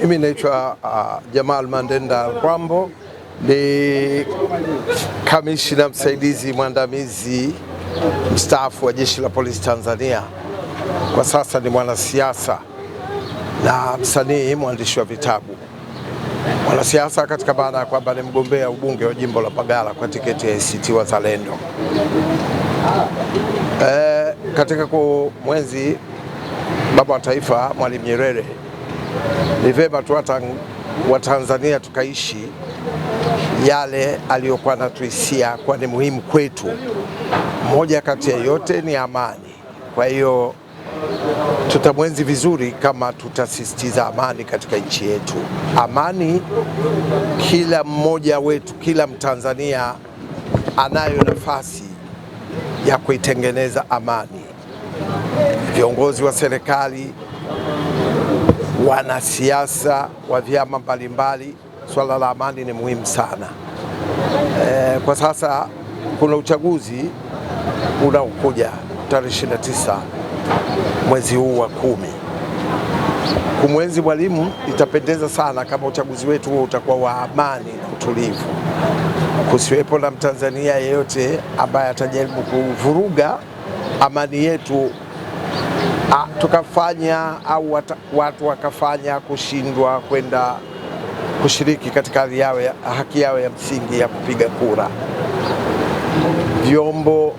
Mimi naitwa uh, Jamal Mandenda Rwambo, ni kamishina msaidizi mwandamizi mstaafu wa Jeshi la Polisi Tanzania. Kwa sasa ni mwanasiasa na msanii, mwandishi wa vitabu. Mwanasiasa katika maana ya kwamba ni mgombea ubunge wa jimbo la Mbagala kwa tiketi ya ACT Wazalendo. E, katika kumwenzi baba wa taifa Mwalimu Nyerere ni vema tu Watanzania tukaishi yale aliyokuwa anatuhisia kwa ni muhimu kwetu. Moja kati ya yote ni amani. Kwa hiyo tutamwenzi vizuri kama tutasisitiza amani katika nchi yetu. Amani kila mmoja wetu, kila Mtanzania anayo nafasi ya kuitengeneza amani. Viongozi wa serikali wanasiasa wa vyama mbalimbali, swala la amani ni muhimu sana. E, kwa sasa kuna uchaguzi unaokuja tarehe 29 mwezi huu wa kumi. Kumwenzi Mwalimu itapendeza sana kama uchaguzi wetu huo utakuwa wa amani na utulivu, kusiwepo na Mtanzania yeyote ambaye atajaribu kuvuruga amani yetu a, ah, tukafanya au watu wakafanya kushindwa kwenda kushiriki katika haki yao ya msingi ya kupiga kura. Vyombo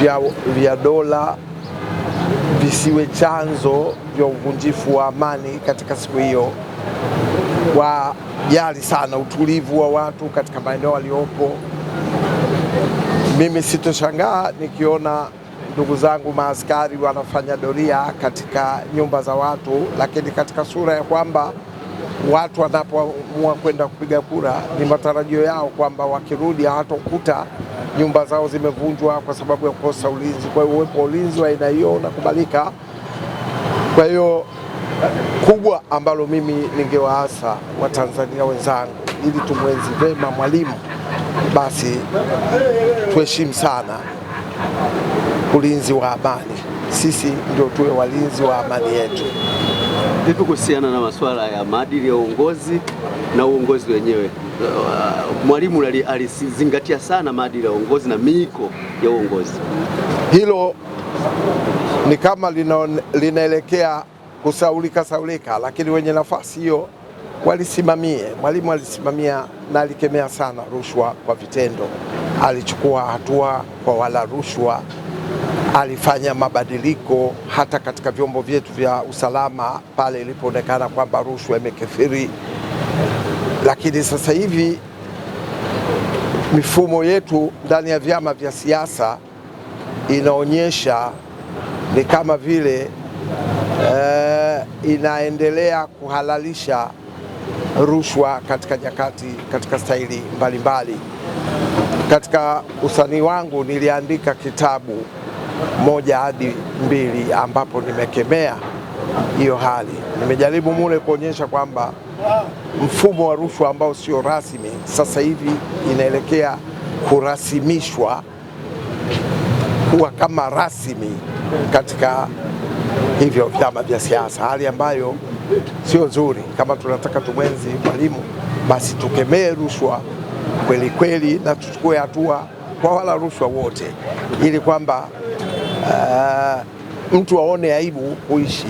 vya, vya dola visiwe chanzo vya uvunjifu wa amani katika siku hiyo. Wajali sana utulivu wa watu katika maeneo waliopo. Mimi sitoshangaa nikiona ndugu zangu maaskari wanafanya doria katika nyumba za watu, lakini katika sura ya kwamba watu wanapoamua kwenda kupiga kura, ni matarajio yao kwamba wakirudi hawatokuta nyumba zao zimevunjwa kwa sababu ya kukosa ulinzi. Kwa hiyo uwepo wa ulinzi wa aina hiyo unakubalika. Kwa hiyo kubwa ambalo mimi ningewaasa Watanzania wenzangu, ili tumwenzi vema Mwalimu, basi tuheshimu sana ulinzi wa amani. Sisi ndio tuwe walinzi wa amani yetu. Vipi kuhusiana na masuala ya maadili ya uongozi na uongozi wenyewe? Uh, mwalimu alizingatia sana maadili ya uongozi na miiko ya uongozi. Hilo ni kama linaelekea kusaulika saulika, lakini wenye nafasi hiyo walisimamie. Mwalimu alisimamia na alikemea sana rushwa kwa vitendo, alichukua hatua kwa wala rushwa alifanya mabadiliko hata katika vyombo vyetu vya usalama pale ilipoonekana kwamba rushwa imekithiri. Lakini sasa hivi mifumo yetu ndani ya vyama vya siasa inaonyesha ni kama vile uh, inaendelea kuhalalisha rushwa katika nyakati, katika staili mbalimbali Katika usanii wangu niliandika kitabu moja hadi mbili, ambapo nimekemea hiyo hali. Nimejaribu mule kuonyesha kwamba mfumo wa rushwa ambao sio rasmi sasa hivi inaelekea kurasimishwa kuwa kama rasmi katika hivyo vyama vya siasa, hali ambayo sio nzuri. Kama tunataka tumwenzi Mwalimu, basi tukemee rushwa kweli kweli na tuchukue hatua kwa wala rushwa wote, ili kwamba uh, mtu aone aibu kuishi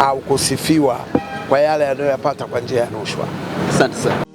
au kusifiwa kwa yale anayoyapata kwa njia ya rushwa. Asante sana.